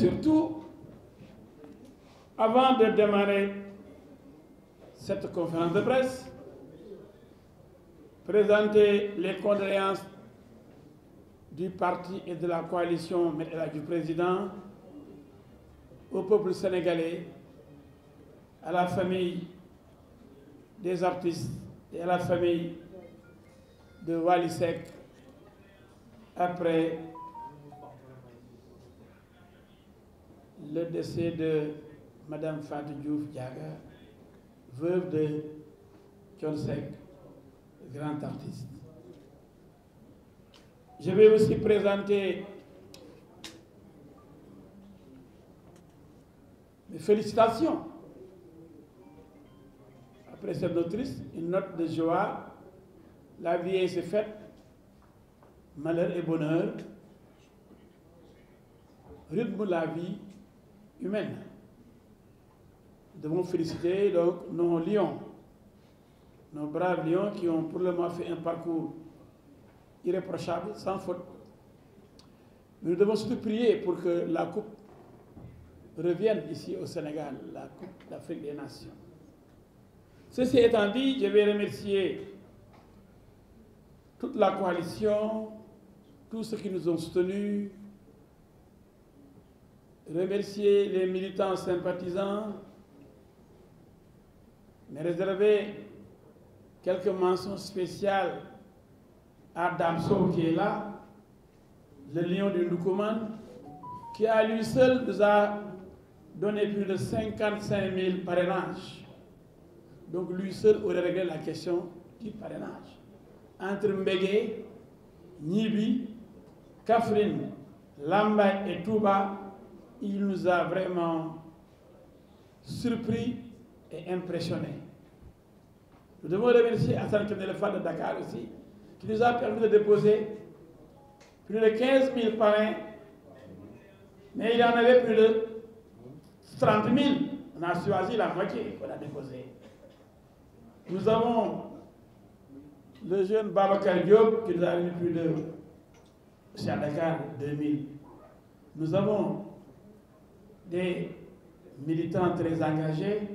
surtout, avant de démarrer cette conférence de presse, présenter les condoléances du parti et de la coalition du président au peuple sénégalais, à la famille des artistes et à la famille de Walisek après le décès de Madame Fatou Diouf Diaga, veuve de Tchonsek, grand artiste. Je vais aussi présenter mes félicitations. Après cette notrice, une note de joie. La vie est faite, malheur et bonheur. Rythme la vie humaine. Nous devons féliciter donc nos lions, nos braves lions qui ont pour le moment fait un parcours irréprochable, sans faute. Nous devons surtout prier pour que la Coupe revienne ici au Sénégal, la Coupe d'Afrique des Nations. Ceci étant dit, je vais remercier toute la coalition, tous ceux qui nous ont soutenus, remercier les militants sympathisants, mais réserver quelques mentions spéciales à Damso qui est là, le lion du Ndoukouman qui à lui seul nous a donné plus de 55 000 parrainages. Donc lui seul aurait réglé la question du parrainage. Entre Mbege Nibi, Kafrine, Lamba et Touba, il nous a vraiment surpris et impressionné. Nous devons remercier Hassan FAD de Dakar aussi, qui nous a permis de déposer plus de 15 000 parrains, mais il en avait plus de 30 000. On a choisi la moitié qu'on a déposée. Nous avons le jeune Babacar Diop qui nous a mis plus de. C'est à Dakar 2000. Nous avons des militants très engagés.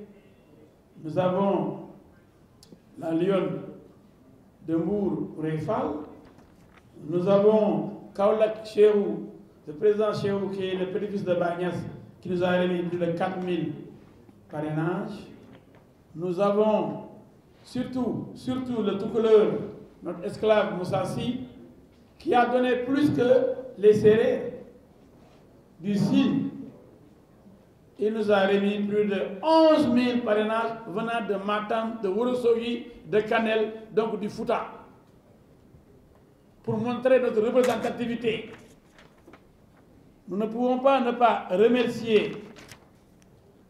Nous avons la Lyon de Mour Nous avons Kaulak Cheou, le président Cheou, qui est le petit de Bagnas, qui nous a réuni plus de 4000 parrainages. Nous avons surtout, surtout le tout couleur, notre esclave Moussassi, qui a donné plus que les serrés du signe il nous a remis plus de 11 000 parrainages venant de Matam, de Wurusogi, de Canel, donc du Fouta, pour montrer notre représentativité. Nous ne pouvons pas ne pas remercier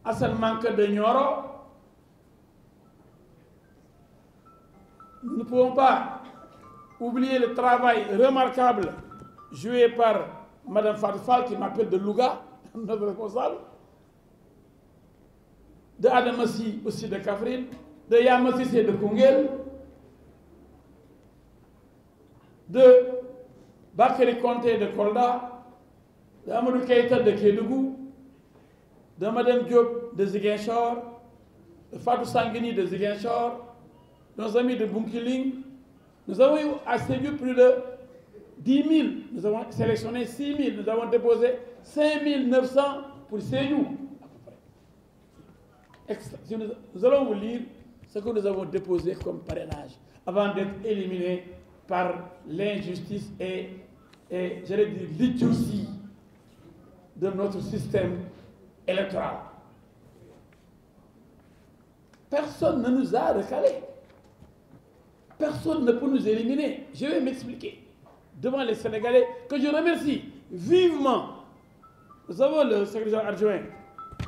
Hassan manque de Nyoro. Nous ne pouvons pas oublier le travail remarquable joué par Mme Fatfal qui m'appelle de Louga, notre responsable de Adamasi aussi de Kafrin, de c'est de Kungel, de Bakri Conté de Kolda, de Amadou Keïta de Kedougou, de Madame Diop de Ziguinchor, de Fatou Sanguini de Ziguinchor, nos amis de Bunkiling. Nous avons eu à plus de 10 000, nous avons sélectionné 6 000, nous avons déposé 5 900 pour Sédu. Nous allons vous lire ce que nous avons déposé comme parrainage avant d'être éliminés par l'injustice et, j'allais dire, l'idiotie de notre système électoral. Personne ne nous a recalé, Personne ne peut nous éliminer. Je vais m'expliquer devant les Sénégalais que je remercie vivement. Nous avons le secrétaire adjoint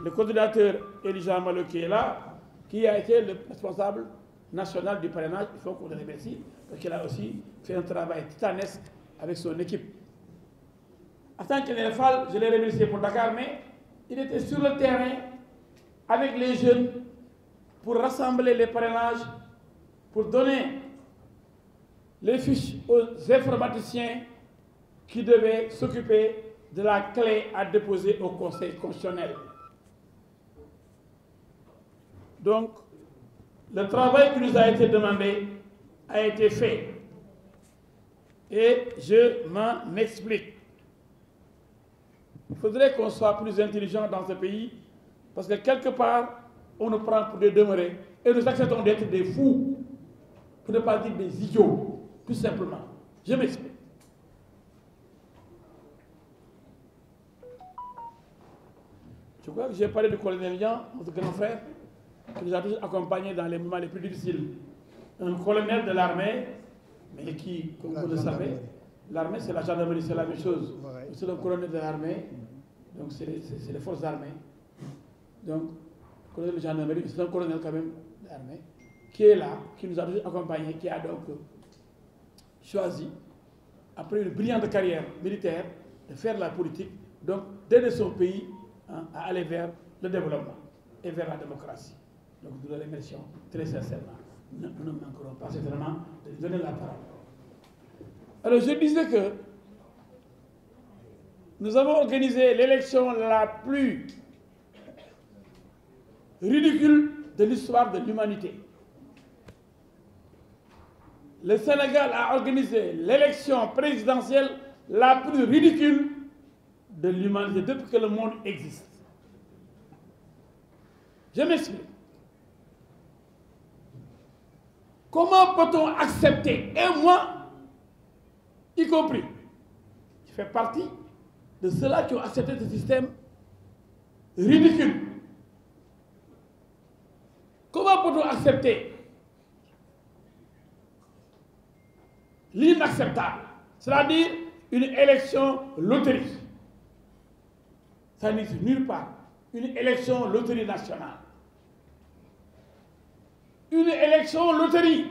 le coordinateur Elijah Malo qui là, qui a été le responsable national du parrainage, il faut qu'on le remercie, parce qu'il a aussi fait un travail titanesque avec son équipe. En tant que je l'ai remercié pour Dakar, mais il était sur le terrain avec les jeunes pour rassembler les parrainages, pour donner les fiches aux informaticiens qui devaient s'occuper de la clé à déposer au Conseil constitutionnel. Donc, le travail qui nous a été demandé a été fait. Et je m'en explique. Il faudrait qu'on soit plus intelligent dans ce pays, parce que quelque part, on nous prend pour des demeurés, et nous acceptons d'être des fous, pour ne pas dire des idiots, tout simplement. Je m'explique. Je crois que j'ai parlé du colonel Yan, notre grand frère qui nous a tous accompagnés dans les moments les plus difficiles. Un colonel de l'armée, mais qui, comme vous le savez, l'armée c'est la gendarmerie, c'est la même chose. C'est le colonel de l'armée, donc c'est les, forces armées. Donc, le colonel de gendarmerie, c'est un colonel quand même de l'armée, qui est là, qui nous a tous accompagnés, qui a donc choisi, après une brillante carrière militaire, de faire la politique, donc d'aider son pays hein, à aller vers le développement et vers la démocratie donc de remercions très sincèrement. Nous ne manquerons pas vraiment de lui donner la parole. Alors je disais que nous avons organisé l'élection la plus ridicule de l'histoire de l'humanité. Le Sénégal a organisé l'élection présidentielle la plus ridicule de l'humanité depuis que le monde existe. Je m'explique. Comment peut-on accepter, et moi, y compris, je fais partie de ceux-là qui ont accepté ce système ridicule. Comment peut-on accepter l'inacceptable, c'est-à-dire une élection loterie Ça n'existe nulle part, une élection loterie nationale une élection loterie.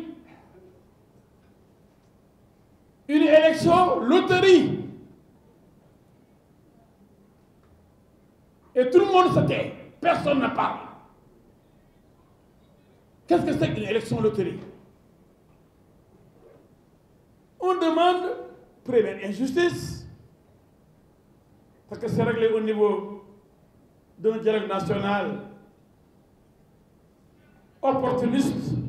Une élection loterie. Et tout le monde se Personne n'a parle. Qu'est-ce que c'est qu'une élection loterie On demande prévenir injustice. Parce que c'est réglé au niveau d'un dialogue national opportuniste,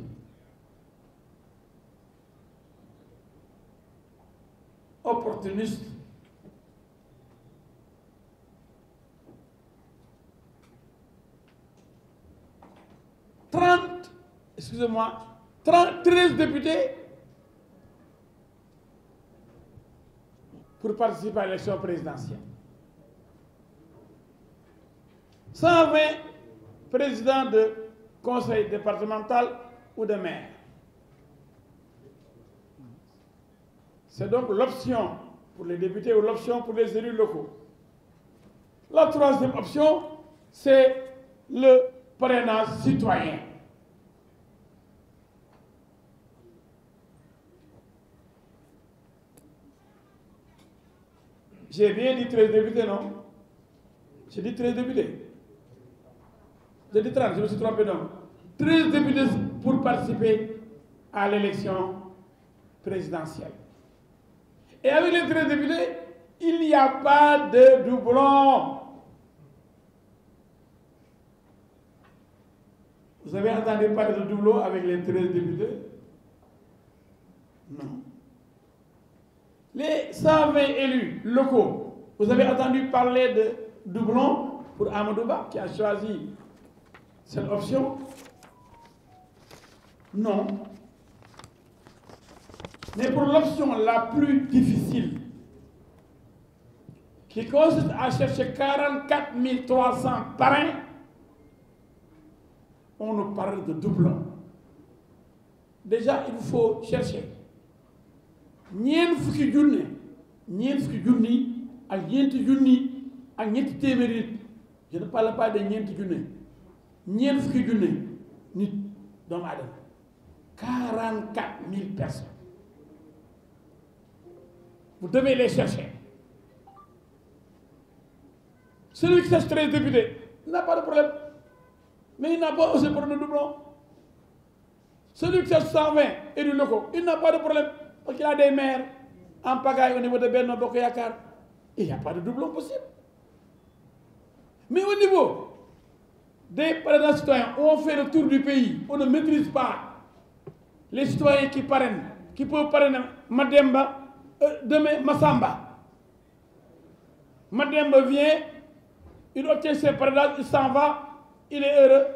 opportuniste, trente, excusez-moi, treize députés pour participer à l'élection présidentielle. 120 présidents de conseil départemental ou de maire. C'est donc l'option pour les députés ou l'option pour les élus locaux. La troisième option, c'est le parrainage citoyen. J'ai bien dit 13 députés, non J'ai dit 13 députés. J'ai dit 30, je me suis trompé, non 13 députés pour participer à l'élection présidentielle. Et avec les 13 députés, il n'y a pas de doublon. Vous avez entendu parler de doublon avec les 13 députés Non. Les 120 élus locaux, vous avez entendu parler de doublon pour Amadouba qui a choisi cette option non, mais pour l'option la plus difficile, qui consiste à chercher 44 300 parrains, on nous parle de doublons. Déjà, il faut chercher. ñeent fukki nien ñeent à ak ñeenti ak je ne parle pas de ñeenti junne ñeent fukki ni dans 44 000 personnes. Vous devez les chercher. Celui qui cherche 13 députés, il n'a pas de problème. Mais il n'a pas osé prendre le doublon. Celui qui cherche 120 élus locaux, il n'a pas de problème. Parce qu'il a des maires en pagaille au niveau de Bernard Bokoyakar. Il n'y a pas de doublon possible. Mais au niveau des présidents citoyens, on fait le tour du pays, on ne maîtrise pas les citoyens qui parrainent, qui peuvent parrainer Mademba, euh, demain Massamba. Mademba vient, il obtient ses parrainages, il s'en va, il est heureux,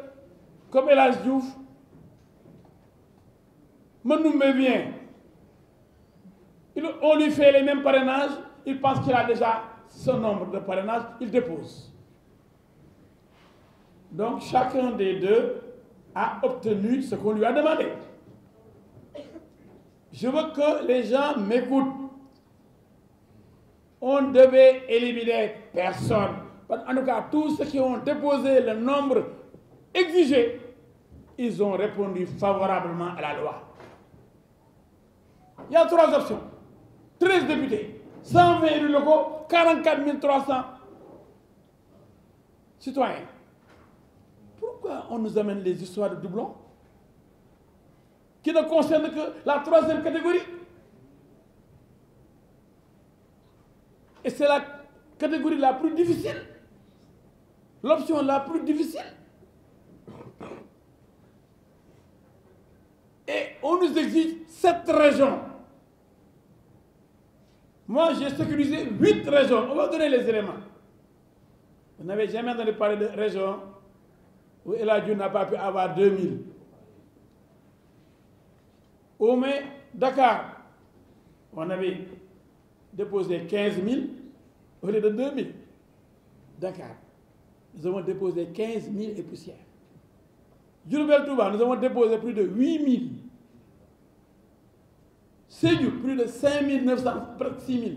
comme Elas Diouf. Manoumbe vient, on lui fait les mêmes parrainages, il pense qu'il a déjà ce nombre de parrainages, il dépose. Donc chacun des deux a obtenu ce qu'on lui a demandé. Je veux que les gens m'écoutent. On ne devait éliminer personne. En tout cas, tous ceux qui ont déposé le nombre exigé, ils ont répondu favorablement à la loi. Il y a trois options. 13 députés, 120 élus locaux, 44 300 citoyens. Pourquoi on nous amène les histoires de doublons qui ne concerne que la troisième catégorie. Et c'est la catégorie la plus difficile, l'option la plus difficile. Et on nous exige sept régions. Moi, j'ai sécurisé huit régions. On va donner les éléments. Vous n'avez jamais entendu parler de régions où Eladio n'a pas pu avoir 2000 au mai, Dakar, on avait déposé 15 000 au lieu de 2 000. Dakar, nous avons déposé 15 000 et poussières. Djurbel Touba, nous avons déposé plus de 8 000. Sédu, plus de 5 900, près de 6 000.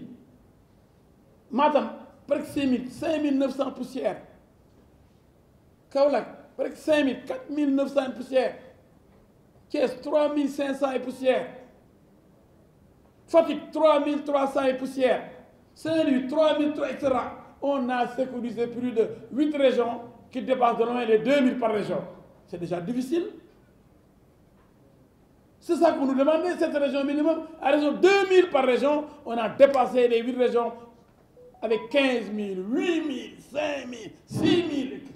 Matam, de 6 000, 5 900 poussières. près de 5 000, 4 900 poussières est 3500 et poussières. Fatigue 3300 et poussières. 3000 louis 3300, etc. On a sécurisé plus de 8 régions qui dépassent de loin les 2000 par région. C'est déjà difficile. C'est ça qu'on nous demandait, cette région minimum. À raison de 2000 par région, on a dépassé les 8 régions avec 15 000, 8 000, 5 000, 6 000, etc.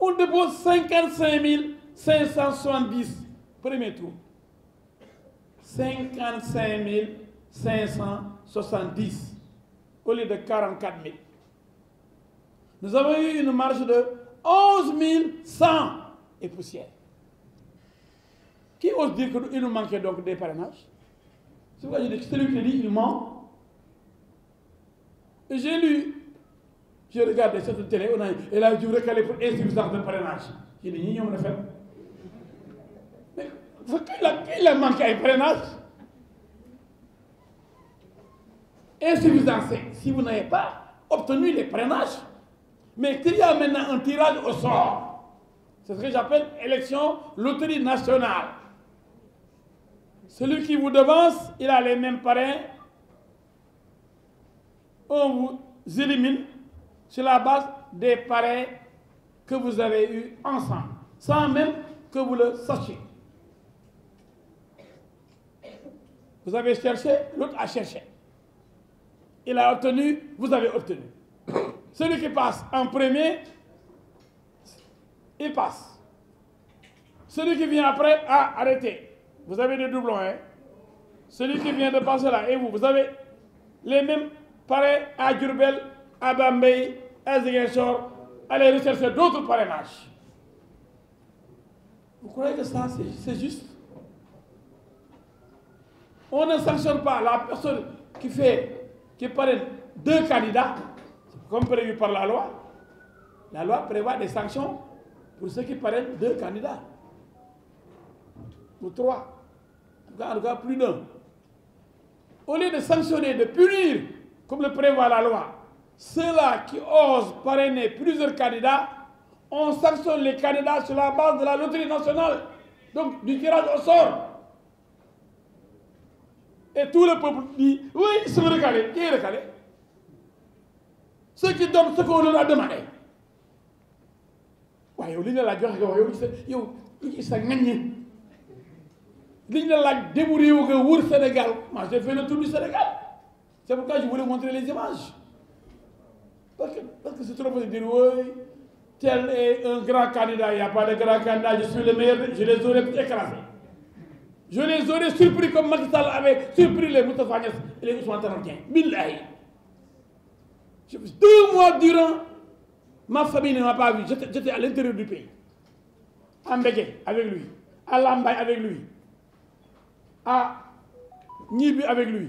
on dépose 55 570, premier tour. 55 570 au lieu de 44 000. Nous avons eu une marge de 11 100 et poussière. Qui ose dire qu'il nous manquait donc des parrainages C'est pourquoi je que qui dit il ment. J'ai lu je regardé sur la télé, on a elle a dû recaler pour insuffisance de parrainage. Il n'y a fait. Mais il a, il a manqué un prénage. Insuffisance, si vous n'avez pas obtenu les prénages, mais qu'il y a maintenant un tirage au sort. C'est ce que j'appelle élection loterie nationale. Celui qui vous devance, il a les mêmes parrains. On vous élimine sur la base des parrains que vous avez eus ensemble, sans même que vous le sachiez. Vous avez cherché, l'autre a cherché. Il a obtenu, vous avez obtenu. Celui qui passe en premier, il passe. Celui qui vient après, a arrêté. Vous avez des doublons, hein. Celui qui vient de passer là, et vous, vous avez les mêmes parrains à Durbel à Bambay, à aller rechercher d'autres parrainages. Vous croyez que ça, c'est juste On ne sanctionne pas la personne qui fait, qui parraine deux candidats, comme prévu par la loi. La loi prévoit des sanctions pour ceux qui parrainent deux candidats. Ou trois. En tout cas, plus d'un. Au lieu de sanctionner, de punir, comme le prévoit la loi, ceux-là qui osent parrainer plusieurs candidats, on sanctionne les candidats sur la base de la loterie nationale, donc du tirage au sort. Et tout le peuple dit Oui, ils sont recalés. Qui est recalé Ceux qui donnent ce qu'on leur a demandé. waaye il y la laaj wax y a ils sa la Sénégal moi j'ai fait le tour du Sénégal c'est pourquoi je voulais montrer les images parce que, c'est trop facile de dire oui, tel est un grand candidat, il n'y a pas de grand candidat, je suis le meilleur, je les aurais écrasés. Je les aurais surpris comme Macky avait surpris les Moustapha et les Ousmane Mille Billahi. Deux mois durant, ma famille ne m'a pas vu. J'étais à l'intérieur du pays. À Mbeke, avec lui. À Lambaye, avec lui. À Nibu avec lui.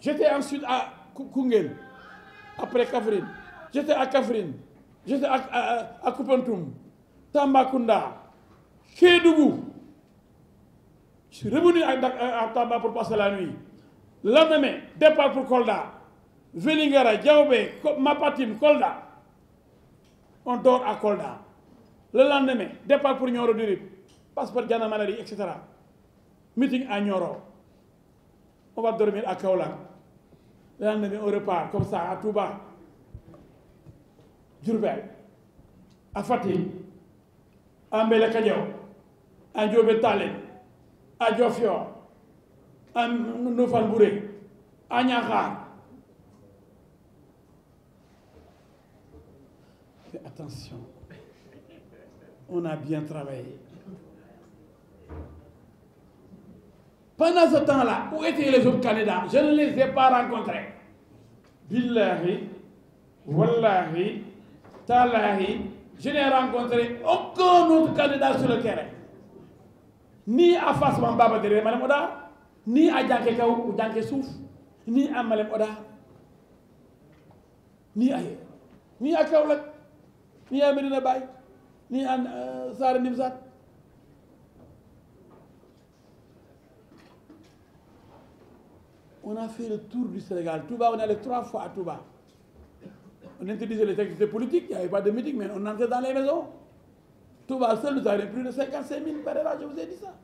J'étais ensuite à Kungel, après Kavrin, j'étais à Kavrin, j'étais à à à Kunda, Tambakunda, je suis revenu à Tamba pour passer la nuit le lendemain départ pour Kolda Vélingara Diaobé Mapatim Kolda on dort à Kolda le lendemain départ pour nyoro du passeport, passe par Maladie etc meeting à Nyoro on va dormir à Kaolang. On repart un comme ça à Touba Durvel, à Fatih, à Mbele à Diobetale, à Diofior à Noufalbouré à Fais attention on a bien travaillé Pendant ce temps-là, où étaient les autres candidats Je ne les ai pas rencontrés. Billahi, Wallahi, Talahi, je n'ai rencontré aucun autre candidat sur le terrain. Ni à Fasman Baba Malem Oda, ni à Djanke Kaou ou Souf, ni à Malem Oda, ni à ni à Kaoulak, ni à Medina Bay, ni à euh, Sarah Nimzat. on a fait le tour du Sénégal. Touba, on est allé trois fois à Touba. On interdisait les activités politiques, il n'y avait pas de meeting, mais on entrait dans les maisons. Touba seul nous avons plus de 55 000 par je vous ai dit ça.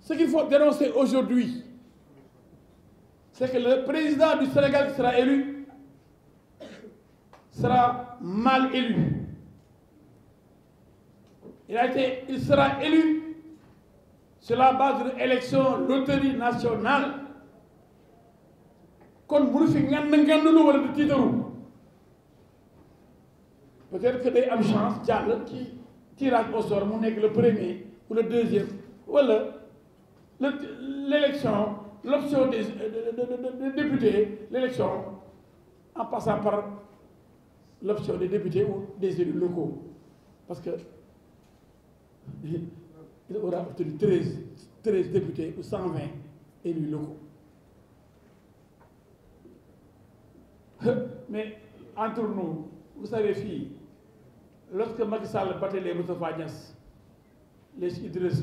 Ce qu'il faut dénoncer aujourd'hui, c'est que le président du Sénégal qui sera élu sera mal élu. Il, a été, il sera élu c'est la base de l'élection loterie nationale Quand vous de peut-être que les am chance qui qui au sort le premier ou le deuxième Voilà, l'élection l'option euh, des députés l'élection en passant par l'option des députés ou des élus locaux parce que il aura obtenu 13, députés ou 120 élus locaux. Mais entre nous, vous savez, fille, lorsque Macky Sall battait les Moustapha les Idriss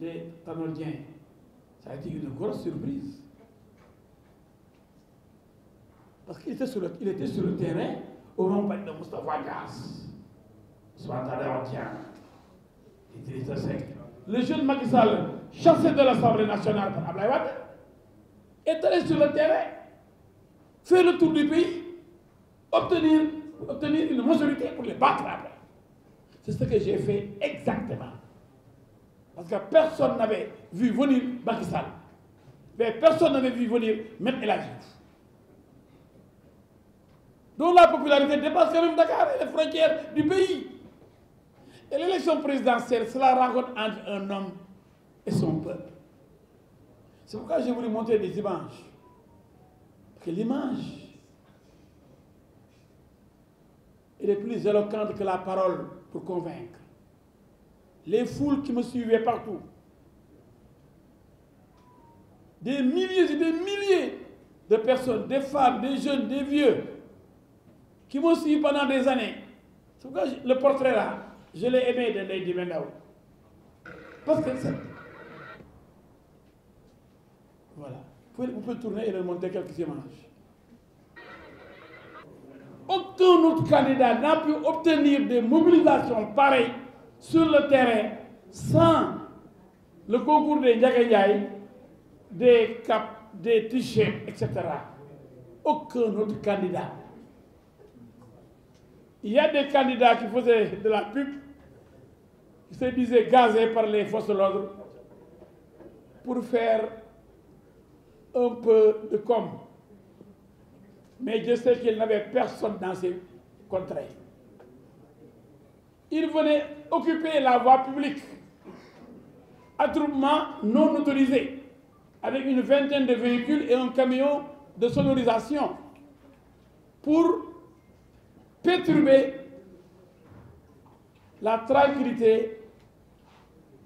les Tanoldiens, ça a été une grosse surprise. Parce qu'il était, sur le terrain au moment de Moustapha soit à l'Ortien, Idriss sec le jeune Macky chassé de l'Assemblée nationale par Ablaï est allé sur le terrain, fait le tour du pays, obtenir, obtenir une majorité pour les battre après. C'est ce que j'ai fait exactement. Parce que personne n'avait vu venir Macky Mais personne n'avait vu venir même Elagi. Donc la popularité dépasse quand même Dakar et les frontières du pays. Et l'élection présidentielle, c'est la rencontre entre un homme et son peuple. C'est pourquoi j'ai voulu montrer des images. Parce que l'image, elle est plus éloquente que la parole pour convaincre. Les foules qui me suivaient partout, des milliers et des milliers de personnes, des femmes, des jeunes, des vieux, qui m'ont suivi pendant des années. C'est pourquoi le portrait là, je l'ai aimé de l'aider Mendao. Parce que c'est. Voilà. Vous pouvez, tourner et remonter quelques images. Aucun autre candidat n'a pu obtenir des mobilisations pareilles sur le terrain sans le concours des Ndiagayaï, des caps, des t etc. Aucun autre candidat. Il y a des candidats qui faisaient de la pub, qui se disaient gazés par les forces de l'ordre pour faire un peu de com. Mais je sais qu'il n'avait personne dans ces contrées. Ils venaient occuper la voie publique, à attroupement non autorisé, avec une vingtaine de véhicules et un camion de sonorisation pour perturber la tranquillité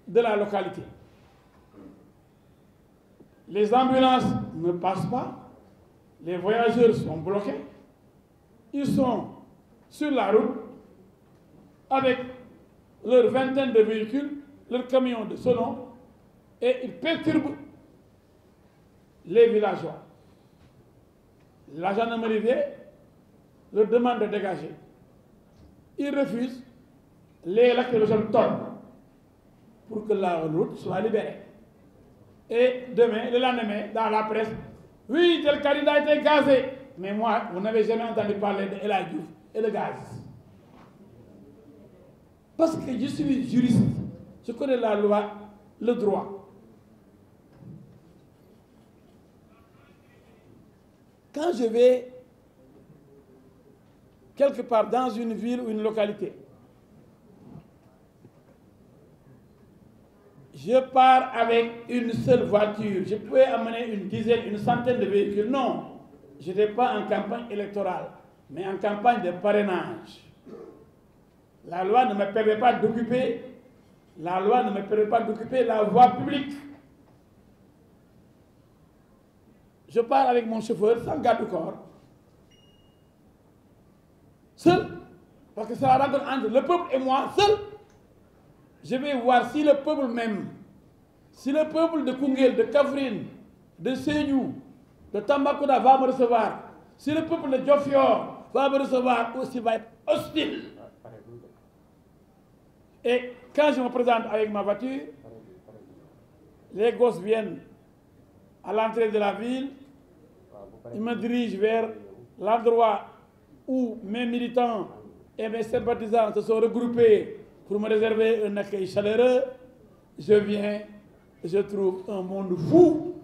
de la localité. Les ambulances ne passent pas, les voyageurs sont bloqués, ils sont sur la route avec leurs vingtaines de véhicules, leurs camions de nom, et ils perturbent les villageois. La gendarmerie leur demande de dégager. il refuse les lacs le pour que la route soit libérée. Et demain, le lendemain, dans la presse, oui, tel candidat a été gazé. Mais moi, vous n'avez jamais entendu parler de Eladjouf et le gaz. Parce que je suis juriste, je connais la loi, le droit. Quand je vais quelque part dans une ville ou une localité. Je pars avec une seule voiture. Je pouvais amener une dizaine, une centaine de véhicules. Non, je n'étais pas en campagne électorale, mais en campagne de parrainage. La loi ne me permet pas d'occuper, la loi ne me permet pas d'occuper la voie publique. Je pars avec mon chauffeur sans garde-corps seul, parce que ça la rencontre entre le peuple et moi seul, je vais voir si le peuple même, si le peuple de Kungel, de Kavrine, de Seyou, de Tambakouda va me recevoir, si le peuple de Jofio va me recevoir ou s'il va être hostile. Et quand je me présente avec ma voiture, les gosses viennent à l'entrée de la ville, ils me dirigent vers l'endroit où mes militants et mes sympathisants se sont regroupés pour me réserver un accueil chaleureux, je viens, je trouve un monde fou,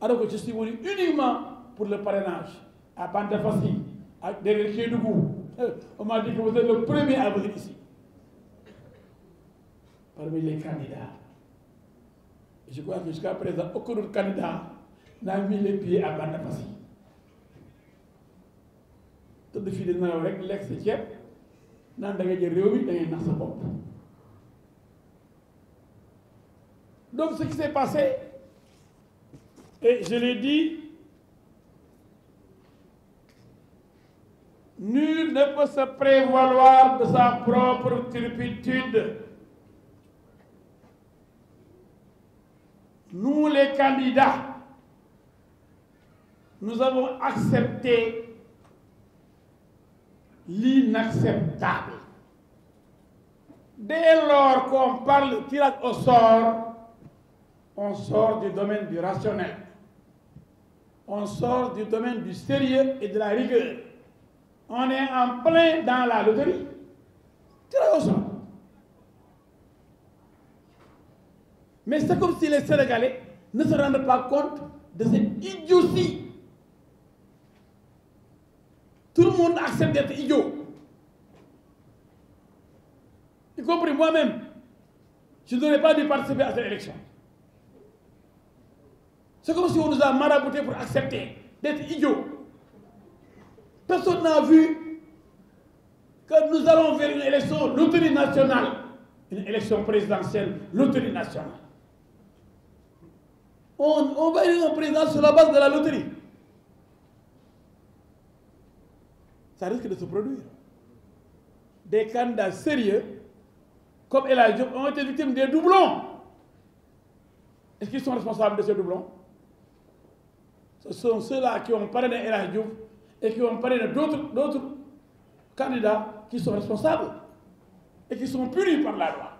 alors que je suis venu uniquement pour le parrainage à Bantafassi, à Dougou. On m'a dit que vous êtes le premier à venir ici, parmi les candidats. Je crois que jusqu'à présent, aucun autre candidat n'a mis les pieds à Bandafasi donc ce qui s'est passé et je l'ai dit nul ne peut se prévaloir de sa propre turpitude nous les candidats nous avons accepté l'inacceptable. Dès lors qu'on parle de tirage au sort, on sort du domaine du rationnel. On sort du domaine du sérieux et de la rigueur. On est en plein dans la loterie. Tirage au sort. Mais c'est comme si les Sénégalais ne se rendent pas compte de cette idiotie le monde accepte d'être idiot. Y compris moi-même. Je n'aurais pas dû participer à cette élection. C'est comme si on nous a marabouté pour accepter d'être idiot. Personne n'a vu que nous allons vers une élection loterie nationale, une élection présidentielle loterie nationale. On, va élire un président sur la base de la loterie. ça risque de se produire. Des candidats sérieux, comme El Diop, ont été victimes des doublons. Est-ce qu'ils sont responsables de ces doublons Ce sont ceux-là qui ont parlé El Diop et qui ont parlé d'autres candidats qui sont responsables et qui sont punis par la loi.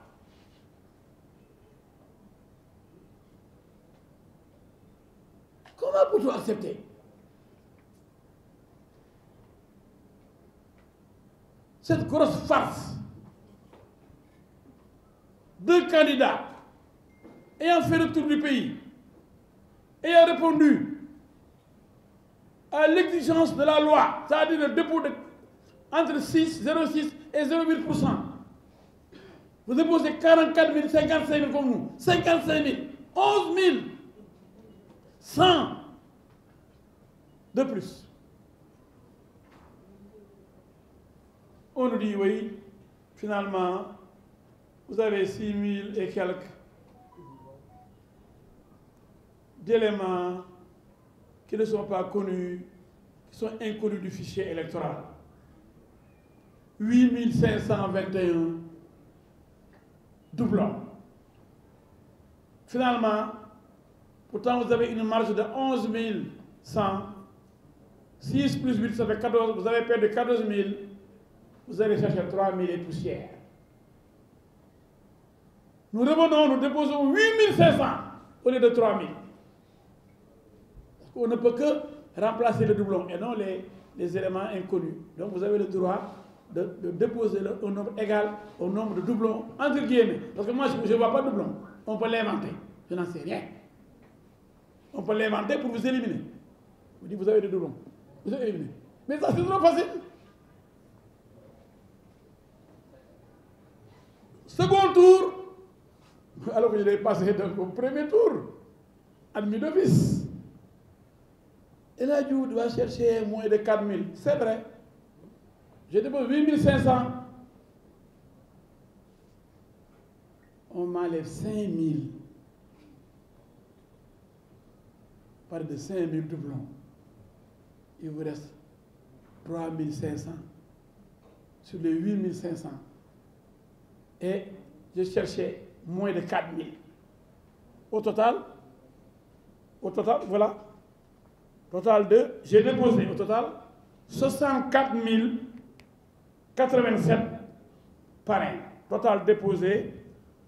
Comment pouvez-vous accepter cette grosse farce. Deux candidats ayant fait le tour du pays, ayant répondu à l'exigence de la loi, c'est-à-dire le dépôt de entre 6, 0,6 et 0,8%. Vous déposez 44 000, 55 000 comme nous, 55 000, 11 100 de plus. On nous dit, oui, finalement, vous avez 6 000 et quelques d'éléments qui ne sont pas connus, qui sont inconnus du fichier électoral. 8 521 doublons. Finalement, pourtant vous avez une marge de 11 100. 6 plus 8, 14, vous avez perdu 14 000 vous allez chercher 3000 et poussières. Nous revenons, nous déposons 8500 au lieu de 3000. On ne peut que remplacer le doublon et non les, éléments inconnus. Donc vous avez le droit de, déposer le, nombre égal au nombre de doublons, entre guillemets. Parce que moi, je ne vois pas de doublons. On peut l'inventer. Je n'en sais rien. On peut l'inventer pour vous éliminer. Vous dites, vous avez des doublons. Vous éliminez. Mais ça, c'est trop facile. alors qu'il est passé donc au premier tour, admis d'office. Et là, je dois chercher moins de 4 000. C'est vrai. Je dépose 8 500. On m'enlève 5 000. Par de 5 000 doublons. Il vous reste 3 500 sur les 8 500. Et je cherchais moins de 4 000. Au total, au total, voilà, total de, j'ai déposé au total 64 087 parrains. Total déposé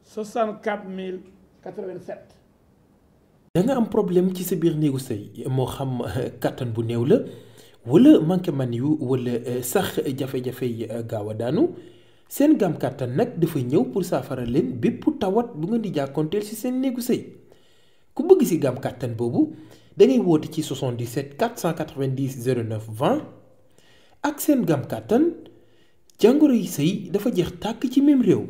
64 087. Il y a un problème ci le biir néegu sëy moo xam euh, kàttan bu néew la wala manqué man yu euh, seen gam kàttan nag dafa ñëw pour saafara leen bépp tawat bu ngeen di jàkkoonteel ci seen néegu sëy ku bëgg ci gam kàttan boobu da ngay woote ci 77 490 09 20 ak seen gam kàttan jàngoro yi sëy dafa jeex tàkk ci même réew.